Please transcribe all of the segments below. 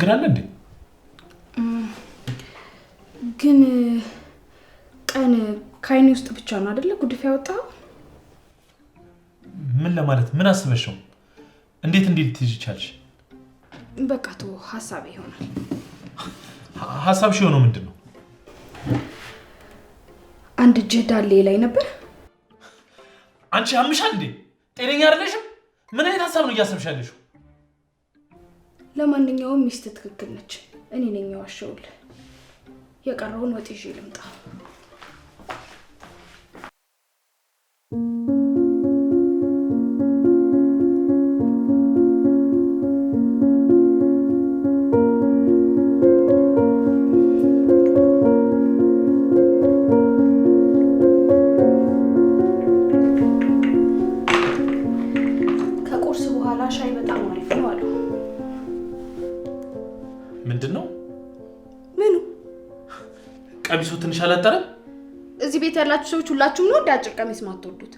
ችግር አለ እንዴ? ግን ቀን ከአይኔ ውስጥ ብቻ ነው አደለ ጉድፍ ያወጣው? ምን ለማለት ምን አስበሽው? እንዴት እንዲህ ልትይዥ ይቻልሽ? በቃ ቶ ሀሳብ ይሆናል። ሽ የሆነው ምንድን ነው? አንድ እጅህ ዳሌ ላይ ነበር። አንቺ አምሻል እንዴ? ጤነኛ አይደለሽም? ምን አይነት ሀሳብ ነው እያሰብሻለሽው? ለማንኛውም ሚስት ትክክል ነች። እኔ ነኝ የዋሸሁልህ። የቀረውን ወጥ ይዤ ልምጣ። ያላችሁ ሰዎች ሁላችሁም ነው እንደ አጭር ቀሚስ ማትወዱት።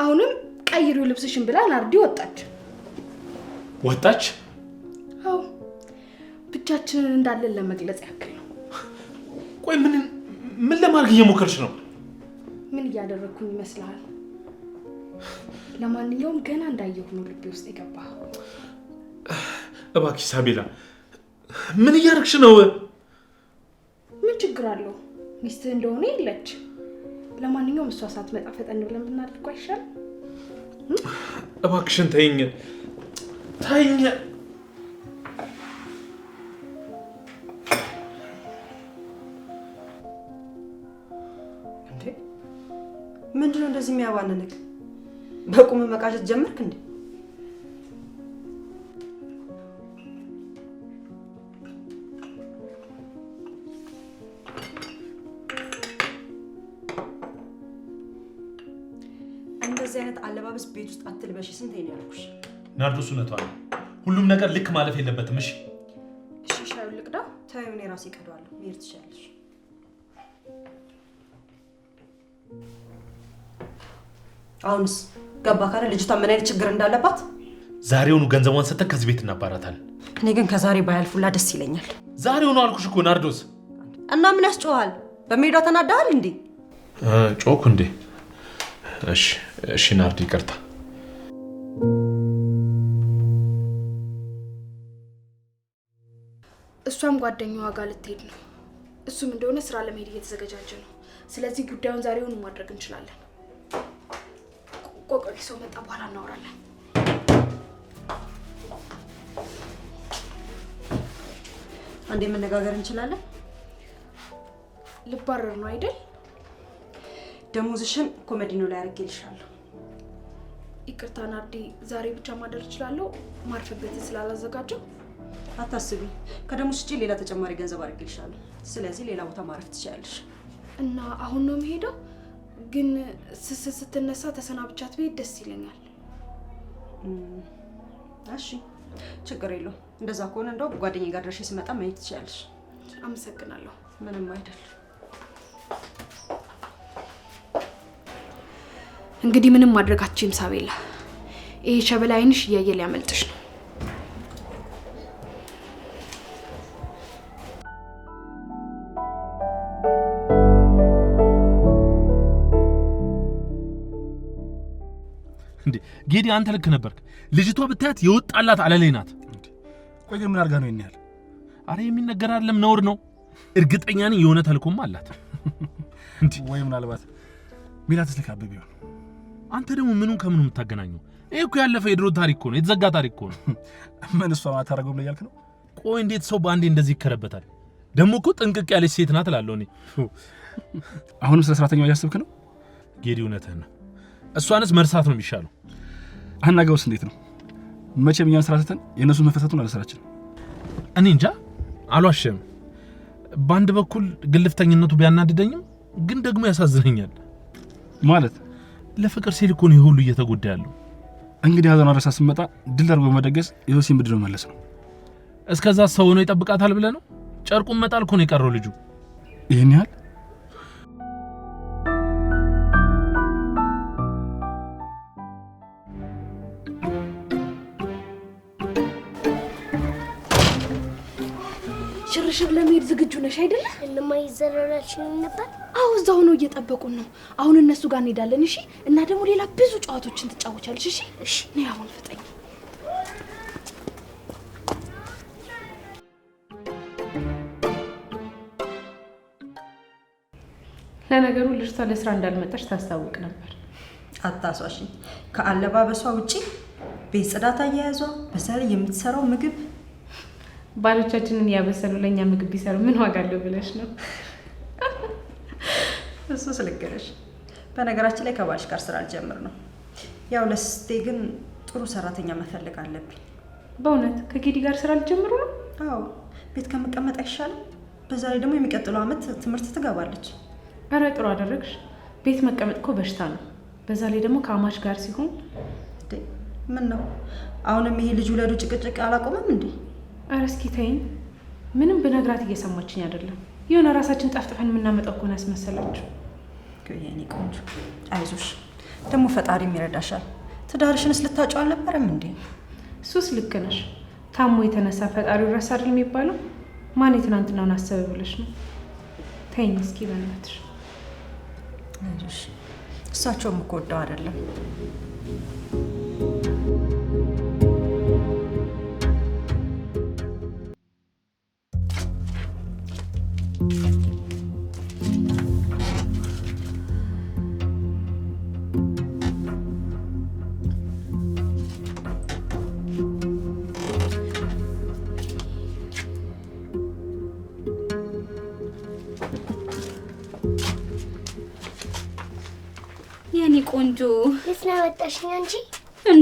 አሁንም ቀይሪው ልብስሽን ብላ ናርዲ ወጣች። ወጣች? አዎ ብቻችንን እንዳለን ለመግለጽ ያክል ነው። ቆይ ምን ምን ለማድረግ እየሞከርሽ ነው? ምን እያደረግኩኝ ይመስልሃል? ለማንኛውም ገና እንዳየሁ ነው ልቤ ውስጥ የገባ። እባክሽ ሳቤላ ምን እያደረግሽ ነው? ምን ችግር አለው? ሚስትህ እንደሆነ የለች ለማንኛውም እሷ ሳትመጣ ፈጠን ብለን ብናደርገው አይሻልም? እባክሽን ተይኝ ተይኝ። ምንድነው እንደዚህ የሚያባንንክ? በቁም መቃሸት ጀመርክ እንዴ? እንደዚህ አይነት አለባበስ ቤት ውስጥ አትልበሽ። ስንት ነው ያልኩሽ? ናርዶስ እውነቷ ነው። ሁሉም ነገር ልክ ማለፍ የለበትም። እሺ እሺ። ሻዩን ልቅዳ። ተይው፣ እኔ ራሴ እቀዳዋለሁ። መሄድ ትችያለሽ። አሁንስ ገባ ካለ ልጅቷ ምን አይነት ችግር እንዳለባት ዛሬውኑ ገንዘቧን ሰጥተን ከዚህ ቤት እናባራታል። እኔ ግን ከዛሬ ባያልፉላ ደስ ይለኛል። ዛሬውኑ አልኩሽ እኮ ናርዶስ። እና ምን ያስጮሃል? በሜዳ ተናዳሃል እንዴ? ጮኩ እንዴ? እሺ እሺ ናርዲ፣ ይቅርታ። እሷም ጓደኛዋ ጋር ልትሄድ ነው። እሱም እንደሆነ ስራ ለመሄድ እየተዘገጃጀ ነው። ስለዚህ ጉዳዩን ዛሬውን ማድረግ እንችላለን። ቆቆሊ ሰው መጣ፣ በኋላ እናወራለን። አንዴ መነጋገር እንችላለን። ልባረር ነው አይደል? ደሞዝሽን ኮመዲኖ ላይ አድርጌልሻለሁ። ይቅርታ ናርዲ፣ ዛሬ ብቻ ማደር እችላለሁ። ማርፈበት ስላላዘጋጀው አታስቢ። ከደሞዝ ውጭ ሌላ ተጨማሪ ገንዘብ አድርጌልሻለሁ። ስለዚህ ሌላ ቦታ ማረፍ ትችላለሽ። እና አሁን ነው የምሄደው። ግን ስስ ስትነሳ ተሰናብቻት ብሄድ ደስ ይለኛል። እሺ፣ ችግር የለውም። እንደዛ ከሆነ እንደው ጓደኛዬ ጋር ደርሼ ስመጣ ማየት ትችላለሽ። አመሰግናለሁ። ምንም አይደል። እንግዲህ ምንም ማድረግ አትችይም ሳቤላ። ይሄ ሸበላ አይንሽ እያየ ሊያመልጥሽ ነው። እንዴ ጌዲ፣ አንተ ልክ ነበርክ። ልጅቷ ብታያት የወጣላት አለላይ ናት። ቆይ ምን አድርጋ ነው ያህል? አረ የሚነገር አይደለም ነውር ነው። እርግጠኛ ነኝ የሆነ ተልኮም አላት ወይ ምናልባት ሜላት ልካብ ቢሆን አንተ ደግሞ ምኑን ከምኑ የምታገናኘው? ይሄ እኮ ያለፈ የድሮ ታሪክ እኮ ነው፣ የተዘጋ ታሪክ እኮ ነው። ምን እሷ ማታረገው ብለህ እያልክ ነው? ቆይ እንዴት ሰው በአንዴ እንደዚህ ይከረበታል? ደግሞ እኮ ጥንቅቅ ያለች ሴት ናት እላለሁ እኔ። አሁንም ስለ ሰራተኛዋ እያሰብክ ነው? ጌዲ፣ እውነትህን ነው። እሷንስ መርሳት ነው የሚሻለው። አናገውስ እንዴት ነው? መቼም እኛን ስራ ትተን የእነሱን መፈታቱን አለስራችን። እኔ እንጃ አሏሸም። በአንድ በኩል ግልፍተኝነቱ ቢያናድደኝም ግን ደግሞ ያሳዝነኛል ማለት ለፍቅር ሲል እኮ ነው ሁሉ እየተጎዳ ያለው። እንግዲህ ሀዘን አረሳ ስመጣ ድል አድርጎ መደገስ የወሲን ብድሮ መለስ ነው። እስከዛ ሰው ሆኖ ይጠብቃታል ብለህ ነው? ጨርቁን መጣል እኮ ነው የቀረው ልጁ። ይህን ያህል ሽርሽር ለመሄድ ዝግጁ ነሽ አይደለ? እንማ ይዘለላችን ነበር እዛ ሆነው እየጠበቁን ነው። አሁን እነሱ ጋር እንሄዳለን። እሺ። እና ደግሞ ሌላ ብዙ ጨዋታዎችን ትጫወቻለሽ። እሺ። እሺ። ነይ አሁን ፍጠኝ። ለነገሩ ልጅቷ ለስራ እንዳልመጣች ታስታውቅ ነበር። አታሷሽ። ከአለባበሷ ውጪ ቤት ጽዳት አያያዟ፣ በዛ ላይ የምትሰራው ምግብ ባሎቻችንን ያበሰሉ ለእኛ ምግብ ቢሰሩ ምን ዋጋ አለው ብለሽ ነው? እሱ ስልክነሽ። በነገራችን ላይ ከባልሽ ጋር ስራ አልጀምር ነው። ያው ለስቴ ግን ጥሩ ሰራተኛ መፈለግ አለብኝ። በእውነት ከጌዲ ጋር ስራ አልጀምሩ ነው? አዎ፣ ቤት ከመቀመጥ አይሻልም? በዛ ላይ ደግሞ የሚቀጥለው አመት ትምህርት ትገባለች። አረ ጥሩ አደረግሽ። ቤት መቀመጥ እኮ በሽታ ነው። በዛ ላይ ደግሞ ከአማች ጋር ሲሆን ምን ነው አሁንም ይሄ ልጅ ውለዱ ጭቅጭቅ አላቆመም እንዴ? እረ እስኪ ተይኝ። ምንም ብነግራት እየሰማችኝ አይደለም። የሆነ ራሳችን ጠፍጥፈን የምናመጣው ከሆነ ያስመሰላችሁ። የኔ ቆንጆ አይዞሽ፣ ደግሞ ፈጣሪም ይረዳሻል። ትዳርሽንስ ልታጨው አልነበረም እንዴ? እሱስ ልክ ነሽ። ታሞ የተነሳ ፈጣሪው ረሳ አይደል የሚባለው? ማን የትናንትናውን አሰበ ብለሽ ነው? ተይኝ እስኪ በእናትሽ። እሳቸውም እኮ ወደው አይደለም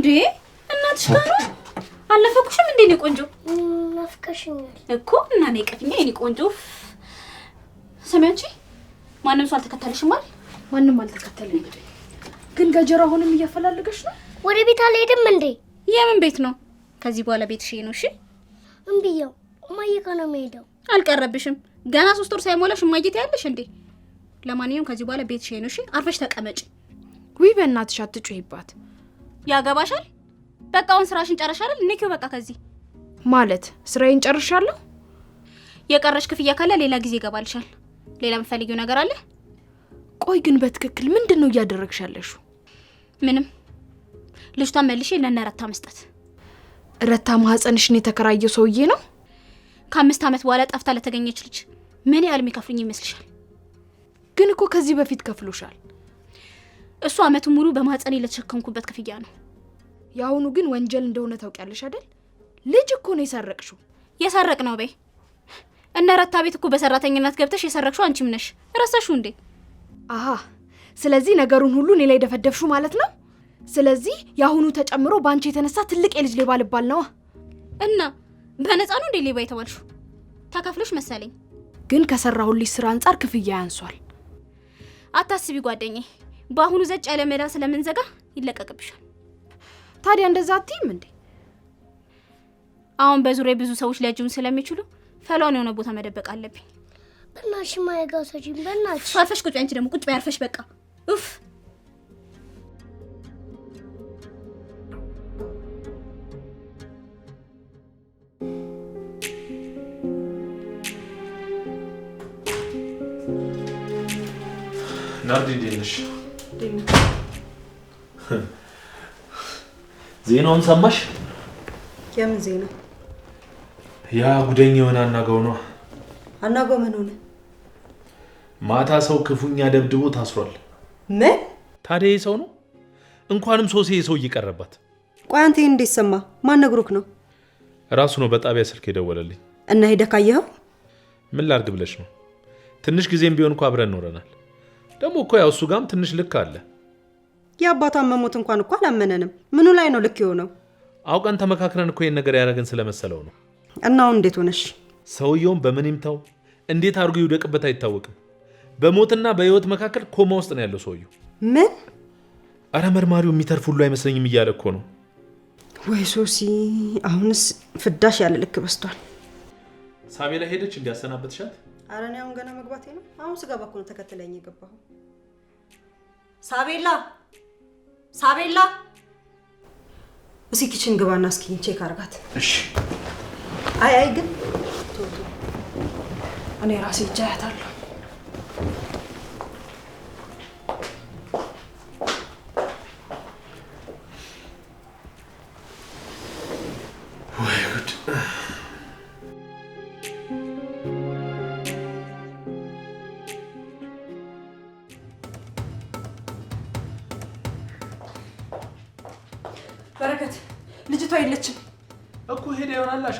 እንዴ እናትሽ ጋር አለፈኩሽም እንዴ? እኔ ቆንጆ ናፍቀሽኛል እኮ እና እኔ ቀፍኛ የኔ ቆንጆ ሰሚያቺ፣ ማንም ሰው አልተከተለሽም አይደል? ማንም አልተከተለኝ። ግን ገጀራ አሁንም እያፈላለገሽ ነው። ወደ ቤት አልሄድም እንዴ? የምን ቤት ነው? ከዚህ በኋላ ቤትሽ ነው። እሺ እምብዬው እማዬ ጋር ነው የምሄደው። አልቀረብሽም። ገና ሶስት ወር ሳይሞላሽ እማዬ ትያለሽ እንዴ? ለማንኛውም ከዚህ በኋላ ቤትሽ ነው። እሺ አርፈሽ ተቀመጪ። ዊ በእናትሽ አትጩሂባት። ያገባሻል። በቃ አሁን ስራሽን ጨርሻል። ንኪው በቃ ከዚህ ማለት ስራዬን ጨርሻለሁ። የቀረሽ ክፍያ ካለ ሌላ ጊዜ ይገባልሻል። ሌላ የምትፈልጊው ነገር አለ? ቆይ ግን በትክክል ምንድን ነው ያለሽ? ምንም ልጅቷን መልሼ ለነ ረታ መስጠት። ረታ ማህፀንሽን የተከራየው ሰውዬ ነው። ከአምስት ዓመት በኋላ ጠፍታ ለተገኘች ልጅ ምን ያህል የሚከፍሉኝ ይመስልሻል? ግን እኮ ከዚህ በፊት ከፍሎሻል። እሱ አመቱ ሙሉ በማጸን የለተሸከምኩበት ክፍያ ነው። የአሁኑ ግን ወንጀል እንደሆነ ታውቂያለሽ አይደል? ልጅ እኮ ነው የሰረቅሽው። የሰረቅ ነው በይ። እነ ረታ ቤት እኮ በሰራተኝነት ገብተሽ የሰረቅሽው አንቺም ነሽ። ረሳሽው እንዴ? አሀ ስለዚህ ነገሩን ሁሉ እኔ ላይ ደፈደፍሹ ማለት ነው። ስለዚህ የአሁኑ ተጨምሮ በአንቺ የተነሳ ትልቅ የልጅ ሌባ ልባል ነዋ። እና በነፃ ነው እንዴ ሌባ የተባልሽው? ተከፍሎሽ መሰለኝ። ግን ከሰራሁልሽ ስራ አንጻር ክፍያ ያንሷል። አታስቢ ጓደኛዬ በአሁኑ ዘጭ ያለ ሜዳ ስለምንዘጋ ይለቀቅብሻል። ታዲያ እንደዛ አትይም እንዴ? አሁን በዙሪያ ብዙ ሰዎች ሊያጅቡን ስለሚችሉ ፈሏን የሆነ ቦታ መደበቅ አለብኝ። በናሽ ማይጋው ሰጂም በናች አርፈሽ ቁጭ። አንቺ ደግሞ ቁጭ ያርፈሽ። በቃ ኡፍ ናርዲ፣ እንዴት ነሽ? ዜናውን ሰማሽ? የምን ዜና? ያ ጉደኛ የሆነ አናጋው ነው። አናጋው ምን ሆነ? ማታ ሰው ክፉኛ ደብድቦ ታስሯል። ምን? ታዲያ የሰው ሰው ነው። እንኳንም ሶሴ ሰው እየቀረባት። ቆይ አንተ እንዴት ሰማ? ማን ነግሮክ ነው? ራሱ ነው በጣቢያ ስልክ የደወለልኝ። እና ሄደህ ካየኸው? ምን ላርግ ብለሽ ነው? ትንሽ ጊዜም ቢሆን እኮ አብረን ኖረናል። ደግሞ እኮ ያው እሱ ጋም ትንሽ ልክ አለ። የአባቷን መሞት እንኳን እኮ አላመነንም። ምኑ ላይ ነው ልክ የሆነው? አውቀን ተመካክረን እኮ ይህን ነገር ያደረግን ስለመሰለው ነው። እና እንዴት ሆነሽ? ሰውየውን በምን ይምታው እንዴት አድርጎ ይውደቅበት አይታወቅም። በሞትና በህይወት መካከል ኮማ ውስጥ ነው ያለው ሰውየው። ምን? አረ መርማሪው የሚተርፍ ሁሉ አይመስለኝም እያለ እኮ ነው። ወይ ሶሲ፣ አሁንስ ፍዳሽ ያለ ልክ በስቷል። ሳሜላ ሄደች እንዲያሰናበትሻት ኧረ እኔ አሁን ገና መግባቴ ነው። አሁን ስገባ እኮ ነው ተከትለኝ የገባኸው። ሳቤላ ሳቤላ፣ እስኪ ኪችን ግባና እስኪ ቼክ አርጋት እሺ። አይ አይ፣ ግን እኔ ራሴ እጃ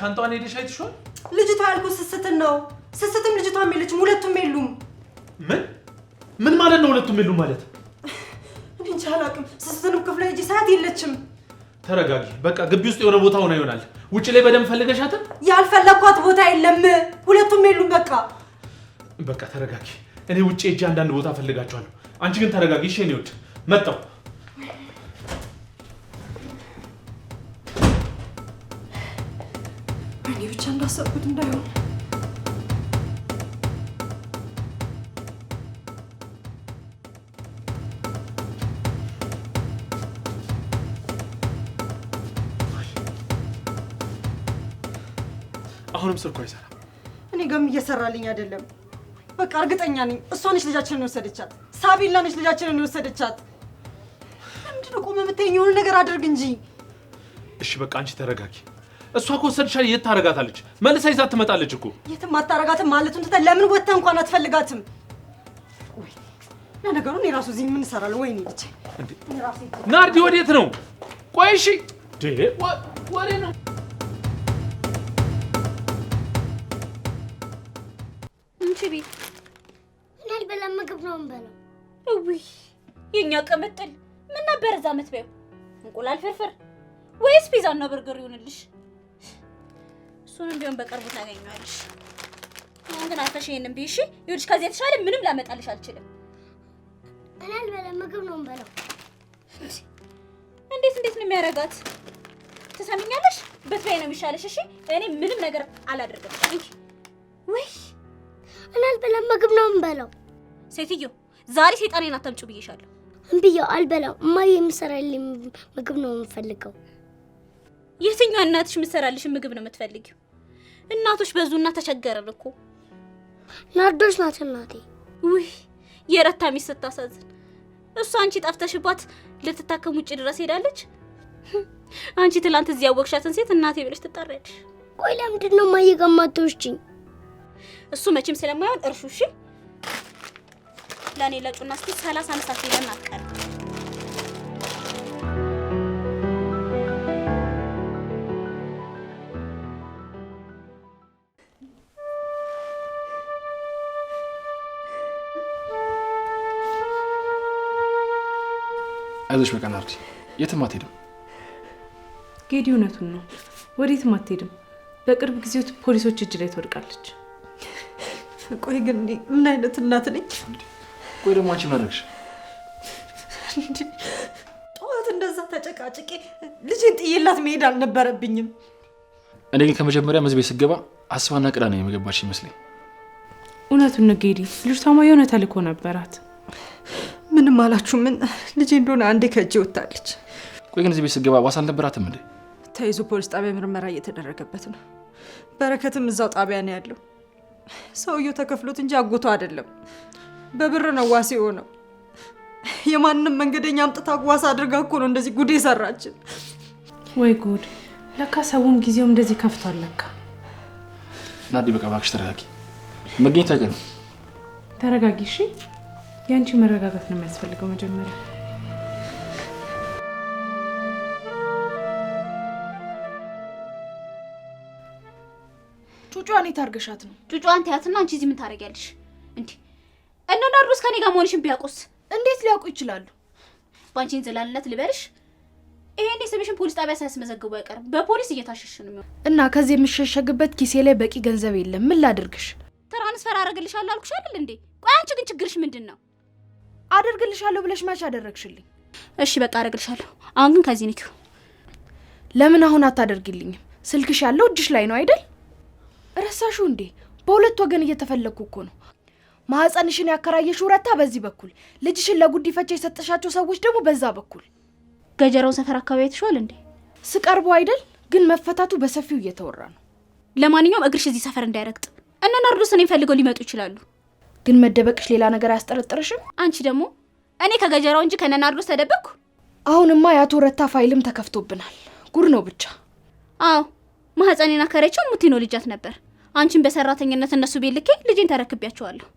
ሻንጣዋን ሄደሽ አይተሽዋል? ልጅቷ ያልኩት ስስትን ነው። ስስትም ልጅቷም የለችም፣ ሁለቱም የሉም። ምን ምን ማለት ነው? ሁለቱም የሉም ማለት እኔ እንጃ አላውቅም። ስስትንም ክፍለ ሂጂ ሰዓት የለችም። ተረጋጊ። በቃ ግቢ ውስጥ የሆነ ቦታ ሆና ይሆናል። ውጭ ላይ በደንብ ፈልገሻት። ያልፈለኳት ቦታ የለም፣ ሁለቱም የሉም። በቃ በቃ ተረጋጊ። እኔ ውጭ ሂጅ አንዳንድ ቦታ ፈልጋቸዋለሁ። አንቺ ግን ተረጋጊ። እሺ መጣው እንዳሰብኩት እንዳይሆን አሁንም ስልኩ አይሰራም። እኔ ጋርም እየሰራልኝ አይደለም። በቃ እርግጠኛ ነኝ እሷ ነች ልጃችንን የወሰደቻት። ሳቢላ ነች ልጃችንን የወሰደቻት። ለምንድን ነው ቆመህ የሆነ ነገር አድርግ እንጂ። እሺ በቃ አንቺ ተረጋጊ። እሷ እኮ ወሰድሻል። የት ታረጋታለች? መልሳ ይዛት ትመጣለች እኮ። የትም አታረጋትም ማለቱን ትተህ ለምን ወጥተህ እንኳን አትፈልጋትም? ነገሩን የራሱ እዚህ ምን እሰራለሁ? ነው እቺ ናርዲ፣ ወዴት ነው? ቆይ እሺ፣ ወሬ ነው እንቺ እንዳልበላ ምግብ ነው እንበለው። እውይ የኛ ቅምጥል ምን ነበር እዛ መትበይው? እንቁላል ፍርፍር ወይስ ፒዛና በርገር ይሆንልሽ? እሱንም ቢሆን በቅርቡ ታገኘዋለሽ። አሁን ግን አልፈሽ ይሄንን ብይ እሺ። ይኸውልሽ ከዚህ የተሻለ ምንም ላመጣልሽ አልችልም። እኔ አልበላም፣ ምግብ ነው የምበላው። እንዴት እንዴት ነው የሚያደርጋት? ትሰሚኛለሽ? ብትበይ ነው የሚሻለሽ። እሺ እኔ ምንም ነገር አላደርግም። እንጂ ወይ እኔ አልበላም፣ ምግብ ነው የምበላው። ሴትዮ ዛሬ ሴጣኔን አታምጪው ብዬሻለሁ። እምብዬው አልበላው። እማዬ የምሰራልኝ ምግብ ነው የምፈልገው። የትኛው እናትሽ የምትሰራልሽ ምግብ ነው የምትፈልጊው? እናቶች በዙና ተቸገረን እኮ ናት እናቴ። ውይ የረታ ሚስት ስታሳዝን። እሷ አንቺ ጠፍተሽባት ልትታከም ውጭ ድረስ ሄዳለች። አንቺ ትላንት እዚህ ያወቅሻትን ሴት እናቴ ብለሽ ትጠሪያለሽ። ቆይ ለምንድን ነው ማየቀማተውሽኝ? እሱ መቼም ስለማይሆን እርሹ። እሺ ለእኔ ለጩና እስኪ ሰላሳ በልሽ በቀን አርዲ፣ የትም አትሄድም። ጌዲ እውነቱን ነው፣ ወዴትም አትሄድም። በቅርብ ጊዜ ፖሊሶች እጅ ላይ ትወድቃለች። ቆይ ግን ምን አይነት እናት ነኝ? ቆይ ደግሞ አንቺ ምን አደረግሽ? ጠዋት እንደዛ ተጨቃጭቄ ልጅን ጥዬላት መሄድ አልነበረብኝም። እኔ ግን ከመጀመሪያ መዝቤ ስገባ አስባና ቅዳ ነው የመገባች ይመስለኝ። እውነቱን ነው ጌዲ፣ ልጅቷማ የሆነ ተልእኮ ነበራት። ምንም አላችሁ ምን? ልጄ እንደሆነ አንዴ ከእጄ ወታለች። ቆይ ግን እዚህ ቤት ስገባ ዋስ አልነበራትም እንዴ? ተይዞ ፖሊስ ጣቢያ ምርመራ እየተደረገበት ነው። በረከትም እዛው ጣቢያ ነው ያለው። ሰውየው ተከፍሎት እንጂ አጎቶ አይደለም። በብር ነው ዋስ የሆነው። የማንም መንገደኛ አምጥታ ዋስ አድርጋ እኮ ነው እንደዚህ ጉድ የሰራችን። ወይ ጉድ! ለካ ሰውም ጊዜውም እንደዚህ ከፍቷል። ለካ ናዲ፣ በቃ እባክሽ ተረጋጊ። መገኘት አይቀርም። ተረጋጊ እሺ። የአንቺ መረጋጋት ነው የሚያስፈልገው መጀመሪያ። ጩጯን የት አድርገሻት ነው? ጩጯን ተያትና አንቺ እዚህ ምን ታደርጊያለሽ? እንዴ እነ ድሮስ ከኔ ጋር መሆንሽን ቢያውቁስ? እንዴት ሊያውቁ ይችላሉ? በአንቺን ዘላልነት ልበልሽ። ይሄኔ ስምሽን ፖሊስ ጣቢያ ሳያስመዘግቡ አይቀርም። በፖሊስ እየታሸሽ ነው። እና ከዚህ የምሸሸግበት ኪሴ ላይ በቂ ገንዘብ የለም። ምን ላድርግሽ? ትራንስፈር አደርግልሻለሁ አልኩሽ አይደል እንዴ? ቆይ አንቺ ግን ችግርሽ ምንድን ነው? አደርግልሻለሁ ብለሽ መች አደረግሽልኝ? እሺ በቃ አደርግልሻለሁ። አሁን ግን ከዚህ ንኪው። ለምን አሁን አታደርግልኝም? ስልክሽ ያለው እጅሽ ላይ ነው አይደል? ረሳሹ እንዴ? በሁለት ወገን እየተፈለግኩ እኮ ነው። ማህፀንሽን ያከራየሽ ውረታ በዚህ በኩል፣ ልጅሽን ለጉዲፈቻ የሰጠሻቸው ሰዎች ደግሞ በዛ በኩል። ገጀራውን ሰፈር አካባቢ አይተሽዋል እንዴ? ስቀርቦ አይደል? ግን መፈታቱ በሰፊው እየተወራ ነው። ለማንኛውም እግርሽ እዚህ ሰፈር እንዳይረግጥ እነ ናርዶስ እኔን ፈልገው ሊመጡ ይችላሉ። ግን መደበቅሽ ሌላ ነገር አያስጠረጥርሽም? አንቺ ደግሞ እኔ ከገጀራው እንጂ ከነናርዶስ ተደበቅኩ። አሁንማ የአቶ ረታ ፋይልም ተከፍቶብናል። ጉድ ነው ብቻ። አዎ ማህፀኔና ከሬቸው ሙቲኖ ልጃት ነበር። አንቺን በሰራተኝነት እነሱ ቤት ልኬ ተረክቢያቸዋለሁ ተረክቤያቸዋለሁ።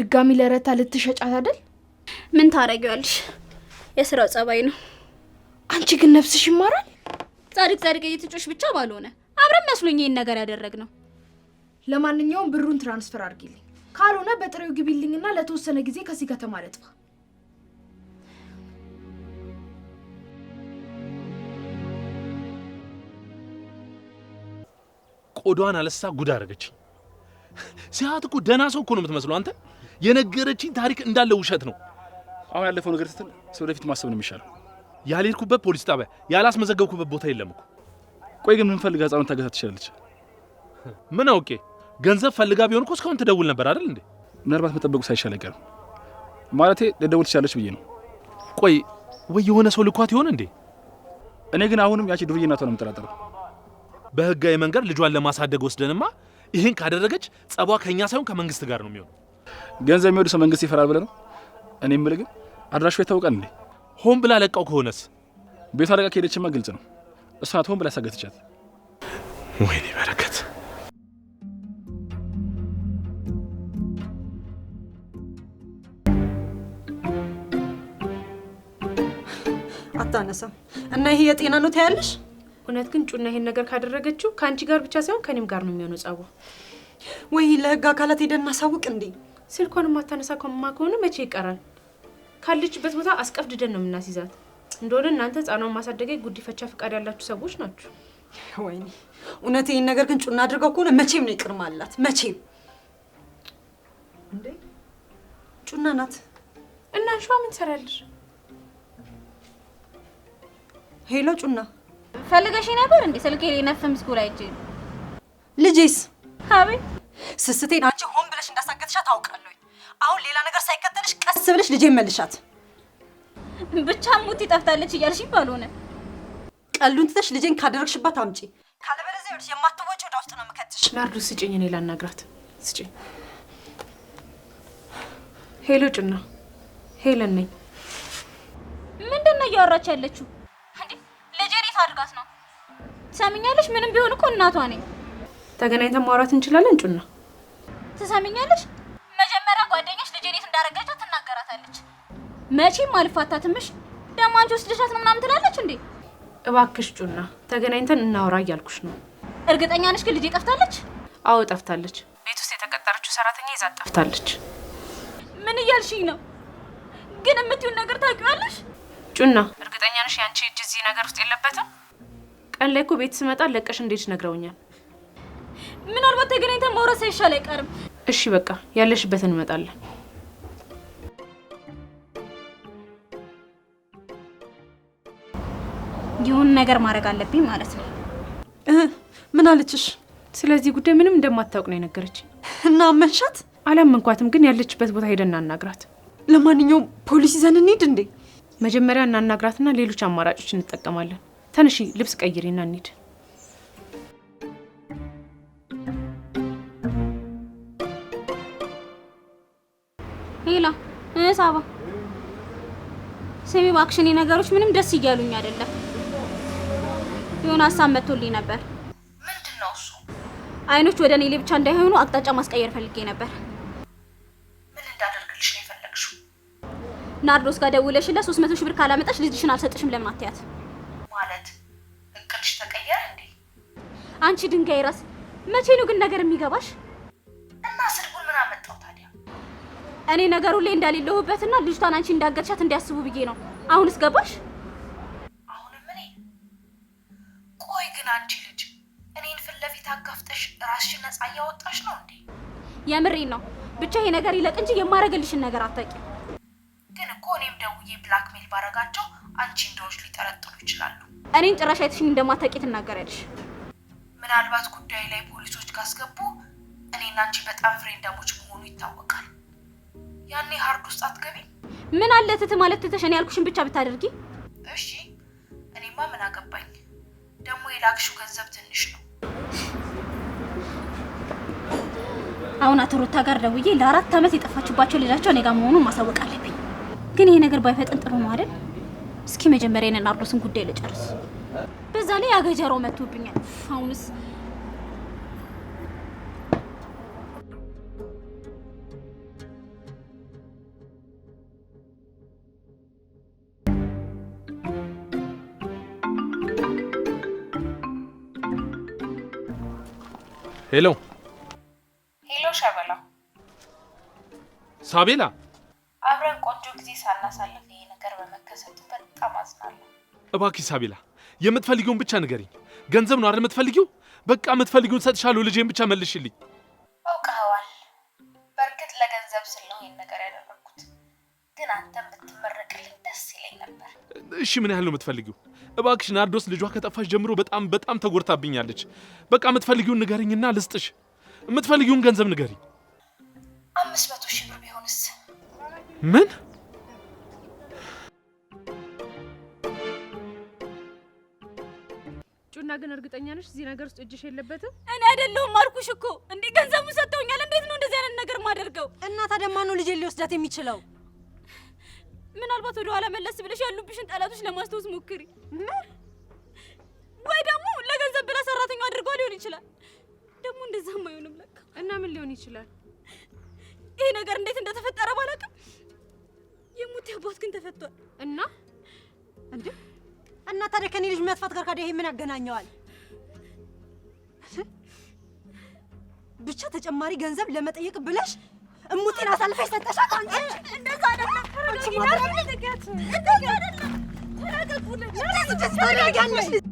ድጋሚ ለረታ ልትሸጫት አይደል? ምን ታረጊዋለሽ? የስራው ጸባይ ነው። አንቺ ግን ነፍስሽ ይማራል። ጻድቅ ጻድቅ እየተጮሽ ብቻ ባልሆነ አብረን መስሎኝ ይህን ነገር ያደረግ ነው። ለማንኛውም ብሩን ትራንስፈር አድርጊልኝ። ካልሆነ በጥሬው ግቢልኝና ለተወሰነ ጊዜ ከዚህ ከተማ ልጥፋ። ቆዳዋን አለሳ ጉድ አደረገችኝ። ሲያት እኮ ደህና ሰው እኮ ነው የምትመስለው። አንተ የነገረችኝ ታሪክ እንዳለ ውሸት ነው። አሁን ያለፈው ነገር ስትል ስለወደፊት ማሰብ ነው የሚሻለው። ያልሄድኩበት ፖሊስ ጣቢያ ያላስመዘገብኩበት ቦታ የለም እኮ። ቆይ ግን ምንፈልግ ፈልጋ ህፃኑን ታገታ ትችላለች? ምን አውቄ ገንዘብ ፈልጋ ቢሆን እኮ እስካሁን ትደውል ነበር አይደል እንዴ? ምናልባት መጠበቁ ሳይሻል አይቀርም። ማለቴ ልደውል ትችላለች ብዬ ነው። ቆይ ወይ የሆነ ሰው ልኳት ይሆን እንዴ? እኔ ግን አሁንም ያቺ ዱርዬ እናቷ ነው የምጠራጠረው። በህጋዊ መንገድ ልጇን ለማሳደግ ወስደንማ ይህን ካደረገች ጸቧ ከእኛ ሳይሆን ከመንግስት ጋር ነው የሚሆነው። ገንዘብ የሚወዱ ሰው መንግስት ይፈራል ብለህ ነው? እኔ የምልህ ግን አድራሹ ይታወቃል እንዴ? ሆን ብላ ለቃው ከሆነስ? ቤቷ ለቃ ከሄደችማ ግልጽ ነው። እሷ ናት ሆን ብላ ያሳገተቻት። ወይኔ በረከ አታነሳም። እና ይሄ የጤና ነው ታያለሽ። እውነት ግን ጩና ይሄን ነገር ካደረገችው ከአንቺ ጋር ብቻ ሳይሆን ከኔም ጋር ነው የሚሆነው ጸቡ። ወይ ለህግ አካላት ሄደን እናሳውቅ እንዴ? ስልኳን ማታነሳ ከማ ከሆነ መቼ ይቀራል? ካለችበት ቦታ አስቀፍድደን ነው የምናስይዛት። እንደሆነ እናንተ ህፃኗን ማሳደገ ጉዲፈቻ ፈቃድ ያላችሁ ሰዎች ናችሁ። ወይኔ እውነት ይህን ነገር ግን ጩና አድርገው ከሆነ መቼም ነው ይቅርም አላት። መቼም እንዴ ጩና ናት እና ሸዋ ምን ትሰራለሽ? ሄሎ ጩና ፈልገሽ ነበር እንዴ? ስልኬ ላይ ስኩል አይቼ ልጄስ አቤት ስስቴን አንቺ ሆን ብለሽ እንዳሳገትሻት አውቃለሁ። አሁን ሌላ ነገር ሳይከተልሽ ቀስ ብለሽ ልጄን መልሻት። ብቻ ሙት ይጠፍታለች እያልሽ ባልሆነ ቀሉን ትተሽ ልጄን ካደረግሽባት አምጪ፣ ካለበለዚያ ይኸውልሽ የማትወጪ ወደ ውስጥ ነው የምከትሽ። ናርዶስ ስጭኝ፣ እኔ ላናግራት። ስጭኝ። ሄሎ ጭና፣ ሄለን ነኝ። ምንድን ነው እያወራች ያለችው? ትሰሚኛለሽ? ምንም ቢሆን እኮ እናቷ ነኝ። ተገናኝተን ማውራት እንችላለን። ጩና ትሰሚኛለሽ? መጀመሪያ ጓደኛሽ ልጄ እንዴት እንዳረገቻት ትናገራታለች። መቼም አልፋታትምሽ። ደግሞ አንቺ ልጃት ነው ምናምን ትላለች እንዴ። እባክሽ ጩና፣ ተገናኝተን እናውራ እያልኩሽ ነው። እርግጠኛ ነሽ ግን ልጄ ጠፍታለች? አዎ ጠፍታለች። ቤት ውስጥ የተቀጠረችው ሰራተኛ ይዛት ጠፍታለች። ምን እያልሽኝ ነው? ግን የምትዩን ነገር ታውቂዋለሽ ጩና? እርግጠኛ ነሽ የአንቺ እጅ እዚህ ነገር ውስጥ የለበትም? ቀን ላይ እኮ ቤት ስመጣ ለቀሽ እንዴት ነግረውኛል። ምናልባት ተገናኝተን መውረስ አይሻል አይቀርም። እሺ በቃ ያለሽበት እንመጣለን። ይሁን ነገር ማድረግ አለብኝ ማለት ነው። ምን አለችሽ? ስለዚህ ጉዳይ ምንም እንደማታውቅ ነው የነገረች እና አመንሻት? አላመንኳትም፣ ግን ያለችበት ቦታ ሄደን እናናግራት። ለማንኛውም ፖሊስ ይዘን እንሂድ እንዴ? መጀመሪያ እናናግራትና ሌሎች አማራጮች እንጠቀማለን። ተንሺ ልብስ ቀይሪና እንሂድ። ሄላ ሳባ ስሚ እባክሽ፣ እኔ ነገሮች ምንም ደስ እያሉኝ አይደለም። የሆነ ሀሳብ መጥቶልኝ ነበር። ምንድን ነው እሱ? አይኖች ወደ እኔ ብቻ እንዳይሆኑ አቅጣጫ ማስቀየር ፈልጌ ነበር። ምን እንዳደርግልሽ ነው የፈለግሽው? ናርዶስ ጋር ደውለሽላት ሶስት መቶ ሺህ ብር ካላመጣሽ ልጅሽን አልሰጥሽም ለምን አትያት አንቺ ድንጋይ ራስ፣ መቼ ነው ግን ነገር የሚገባሽ? እና ስልኩን ምን አመጣው ታዲያ? እኔ ነገሩ ላይ እንዳሌለሁበትና ልጅቷን አንቺ እንዳገድሻት እንዲያስቡ ብዬ ነው። አሁንስ ገባሽ? አሁንም እኔ ቆይ ግን አንቺ ልጅ እኔን ፊት ለፊት አጋፍጠሽ ራስሽን ነጻ እያወጣሽ ነው እንዴ? የምሬን ነው። ብቻ ይሄ ነገር ይለቅ እንጂ የማረግልሽን ነገር አታውቂም። ግን እኮ እኔም ደውዬ ብላክሜል ባረጋቸው አንቺ እንደዎች ሊጠረጥሩ ይችላሉ። እኔን ጭራሽ አይተሽኝ እንደማታውቂ ትናገሪያለሽ። ምናልባት ጉዳይ ላይ ፖሊሶች ካስገቡ እኔና አንቺ በጣም ፍሬንዳሞች መሆኑ ይታወቃል። ያኔ ሀርድ ውስጥ አትገቢ። ምን አለ ትት ማለት ትተሽ እኔ ያልኩሽን ብቻ ብታደርጊ። እሺ እኔማ ምን አገባኝ። ደግሞ የላክሽው ገንዘብ ትንሽ ነው። አሁን አቶ ሮታ ጋር ደውዬ ለአራት ዓመት የጠፋችባቸው ልጃቸው እኔ ጋር መሆኑን ማሳወቅ አለብኝ። ግን ይሄ ነገር ባይፈጥን ጥሩ ነው አይደል? እስኪ መጀመሪያ የነን አርዶስን ጉዳይ ልጨርስ። ላይ ያገጀሮ መቶብኛል። አሁንስ ሄሎ ሄሎ፣ ሸበላ ሳቤላ፣ አብረን ቆንጆ ጊዜ ሳናሳልፍ ይሄ ነገር በመከሰቱ በጣም አዝናለሁ። እባኪ ሳቤላ የምትፈልጊውን ብቻ ንገሪኝ። ገንዘብ ነው አይደል የምትፈልጊው? በቃ የምትፈልጊውን ሰጥሻለሁ። ልጄን ብቻ መልሽልኝ። አውቀኸዋል። በእርግጥ ለገንዘብ ስል ነው ይህን ነገር ያደረኩት፣ ግን አንተ ብትመረቅልኝ ደስ ይለኝ ነበር። እሺ ምን ያህል ነው የምትፈልጊው? እባክሽ ናርዶስ ልጇ ከጠፋሽ ጀምሮ በጣም በጣም ተጎድታብኛለች። በቃ የምትፈልጊውን ንገሪኝና ልስጥሽ። የምትፈልጊውን ገንዘብ ንገሪኝ። አምስት መቶ ሺህ ብር ቢሆንስ? ምን እና ግን እርግጠኛ ነሽ እዚህ ነገር ውስጥ እጅሽ የለበትም? እኔ አይደለሁም አልኩሽ እኮ እንዴ! ገንዘቡን ሰጥተውኛል። እንዴት ነው እንደዚህ አይነት ነገር ማደርገው? እና ታዲያ ማን ነው ልጄ ሊወስዳት የሚችለው? ምናልባት ወደ ኋላ መለስ ብለሽ ያሉብሽን ጠላቶች ለማስታወስ ሞክሪ፣ ወይ ደግሞ ለገንዘብ ብላ ሰራተኛ አድርገው ሊሆን ይችላል። ደግሞ እንደዛም አይሆንም ለካ። እና ምን ሊሆን ይችላል? ይሄ ነገር እንዴት እንደተፈጠረ ባላውቅም የሙት አባት ግን ተፈቷል። እና እንዴ እና ታዲያ ከኔ ልጅ መጥፋት ጋር ካዲያ ይሄ ምን ያገናኘዋል? ብቻ ተጨማሪ ገንዘብ ለመጠየቅ ብለሽ እሙቴን አሳልፈሽ ሰጠሻት። አንቺ እንደዛ አይደለም። ተረጋጊ፣ ተረጋጊ።